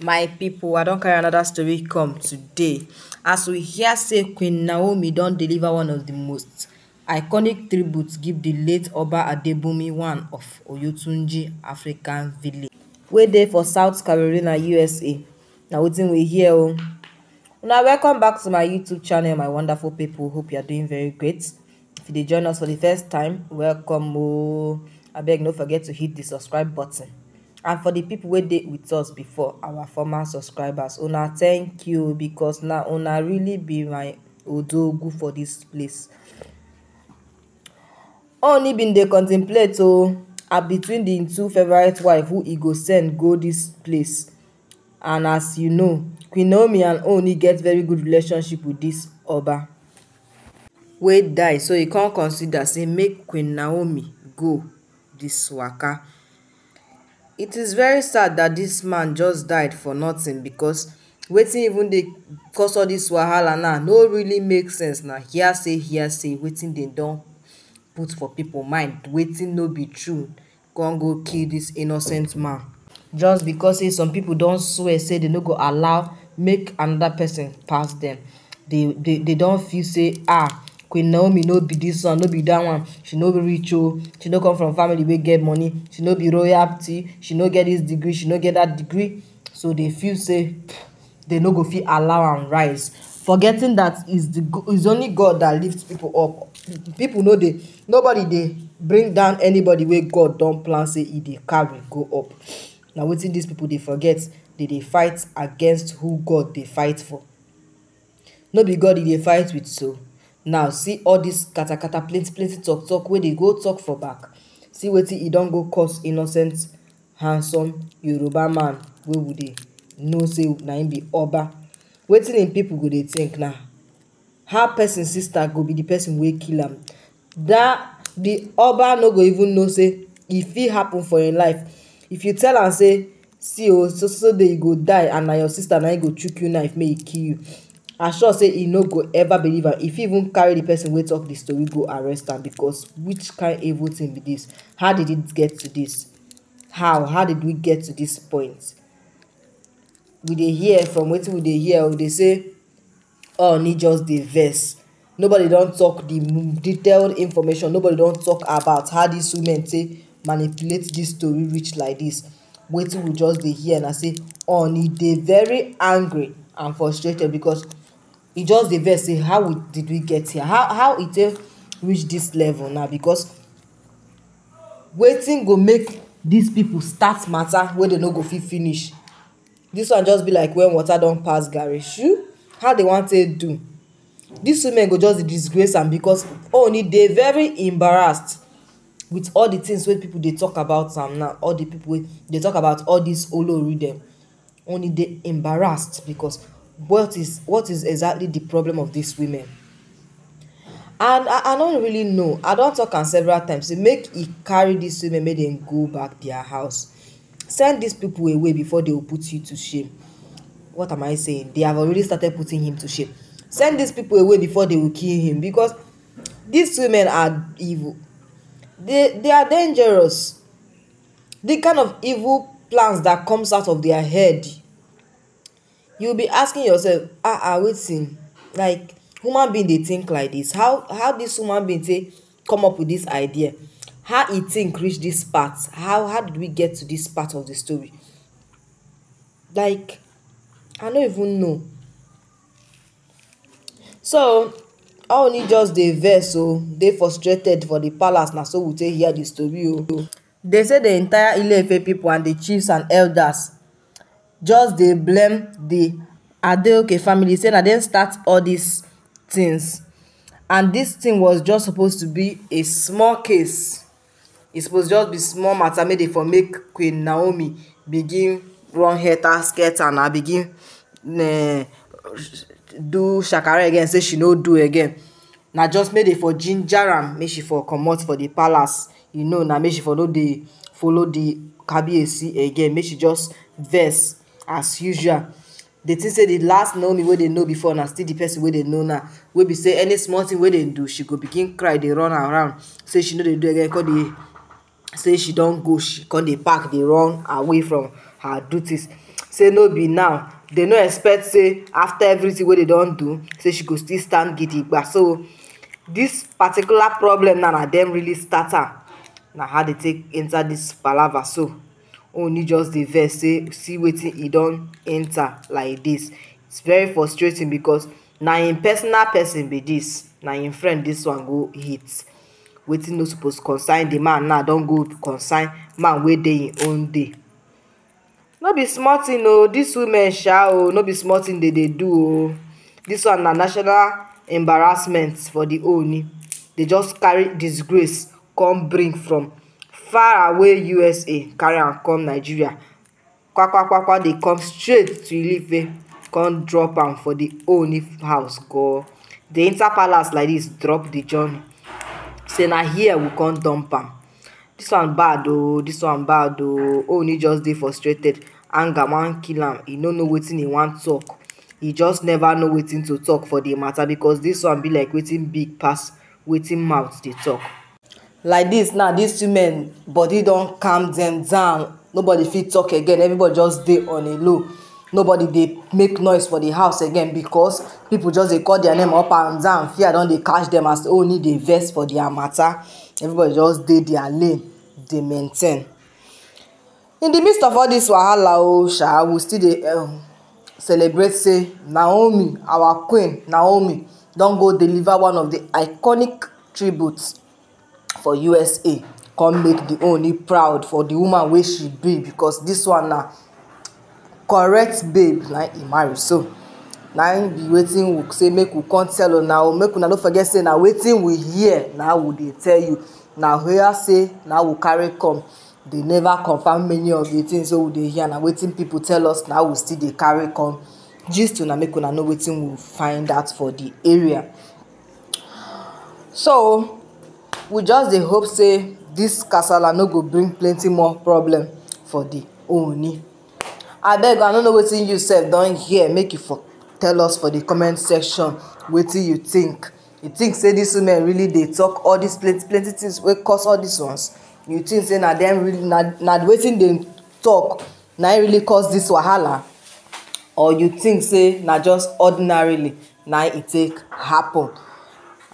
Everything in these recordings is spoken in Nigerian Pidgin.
my people, i don carry another story come today as we hear say queen naomi don deliver one of the most iconic tributes give the late oba Adebumi one of oyotunji african village wey dey for south carolina usa na wetin we hear o una welcome back to my youtube channel my wonderful people. hope you are doing very great if you dey join us for the first time welcome o abeg no forget to hit the subscribe button and for the people wey dey with us before our former subscribers una thank you because na una really be my odogwu for this place only bin dey contemplate o oh, and between the two favourite wife who e go send go this place and as you know queen naomi and ooni get very good relationship with this oba wey die so e come consider say make queen naomi go this waka It is very sad that this man just died for nothing because waiting even dey cause all this wahala now no really makes sense now here say here say waiting they don't put for people mind waiting no be true come go kill this innocent man just because say some people don't swear say they no go allow make another person pass them they they, they don feel say ah queen naomi no be this one no be that one she no be rich oh. she no come from family wey get money she no be royalty she no get this degree she no get that degree so they feel say they no go fit allow am rise forgetting that is the is only god that lifts people up people no dey nobody dey bring down anybody wey god don plan say e dey carry go up na wetin these people dey forget dey dey fight against who god dey fight for no be god e dey fight with so now see all dis katakata plenty plenty talk talk wey dey go talk for back see wetin e don go cause innocent handsome yoruba man wey we dey know say na him be oba wetin im people go dey think na how person sister go be the person wey kill am that the oba no go even know say e fit happen for im life if you tell am say see oo oh, so so day you go die and na your sister na him go chook you knife make e kill you sure say he no go ever believe am e fit even carry the person wey talk the story go arrest am because which kind evil thing be this? how did it get to this? how how did we get to this point we dey hear from wetin we dey hear we dey say oni oh, just dey vex nobody don talk the detailed information nobody don talk about how this woman take manipulate this story reach like this. wetin we just dey hear na say oh, oni dey very angry and frustrated because e just dey vex say how we did we get here how how e take reach this level now? because wetin go make these people start matter wey dem no go fit finish This one just be like when water don pass garri shoo how they wan take do This women go just dey disgrace am because ooni oh, dey very embarrassed with all the things wey people dey talk about am now all the people wey dey talk about all this olori dem ooni oh, dey embarrassed because what is what is exactly the problem of these women and i i don't really know i don talk am several times say make e carry these women make dem go back their house send these people away before they will put you to shame what am i saying they have already started putting him to shame send these people away before they will kill him because these women are evil they they are dangerous the kind of evil plans that comes out of their head You'll be asking yourself ah ah wetin like human being they think like this how how this human being say come up with this idea how it think reach this part how how did we get to this part of the story like i don't even know so only just dey vex oo oh, dey frustrated for the palace now. so we take hear the story oh. they say the entire ilefe people and the chiefs and elders just dey blame the adeoke family say na dem start all dis things and dis thing was just supposed to be a small case e suppose just be small matter make dey for make queen naomi begin run helter skelter and begin uh, do shakara again say she no do again na just make dey for ginger am make she for comot for the palace you know na make she for no dey follow the kabiyesi again make she just vex as usual the thing say the last naomi wey dey know before na still the person wey dey know now wey be say any small thing wey dey do she go begin cry dey run around say she no dey do again come dey say she don go she come dey pack dey run away from her duties say no be now dey no expect say after everything wey dey don do say she go still stand gidigba so this particular problem now na dem really start am na how dey take enter this palava so Only just the vex say see wetin e don enter like this. its very frustrating because na im personal person be this. na im friend this one go hit wetin no suppose concern the man now don go concern man wey dey im own day no be small tin o oh. dis women sha o oh, no be small tin they dey do o oh. this one na national embarrassment for the oni They just carry disgrace come bring from far away usa carry am come nigeria kwakwakwa dey come straight to ilife come drop am for di own house go dey enter palace like dis drop di journey say na here we come dump am dis one bad ooo oh, dis one bad ooo oh. ooni just dey frustrated anger wan kill am e no know wetin e wan talk. e just never know wetin to talk for di matter because dis one be like wetin big pass wetin mouth dey talk like this. now these two men, body don calm them down nobody fit talk again everybody just dey on a low nobody dey make noise for the house again because people just dey call dia name up and down fear don dey catch them as only dey vex for their matter. everybody just dey their lane dey maintain in the midst of all this, wahala o oh, sha we still dey um, celebrate say naomi our queen naomi don go deliver one of the iconic tributes for usa come make the oni proud for the woman wey she be because this one na correct babe na e marry so na im be wetin we say make we come tell una o make una no forget say na wetin we hear na we dey tell you na hear say na we carry come dey never confirm many of the things wey we dey hear na wetin people tell us na we still dey carry come gist una make una know wetin we find out for the area so we just dey hope say this kasala no go bring plenty more problem for the ooni abeg i no know wetin you sef don hear make you for tell us for the comment section wetin you think you think say this women really dey talk all these plenty plenty things wey cause all these ones you think say na them really na na wetin dem talk na im really cause this wahala or you think say na just ordinarily na it e take happen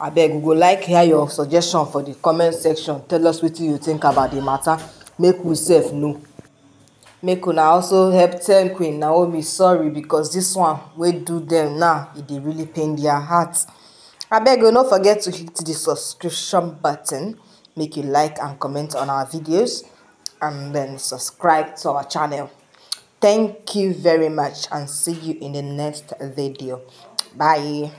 abeg we go like hear your suggestion for the comment section tell us wetin you think about the matter. make we sef know make una also help tell queen naomi sorry because this one wey do dem now e dey really pain their heart abeg o no forget to hit the subscription button make you like and comment on our videos and then subscribe to our channel thank you very much and see you in the next video bye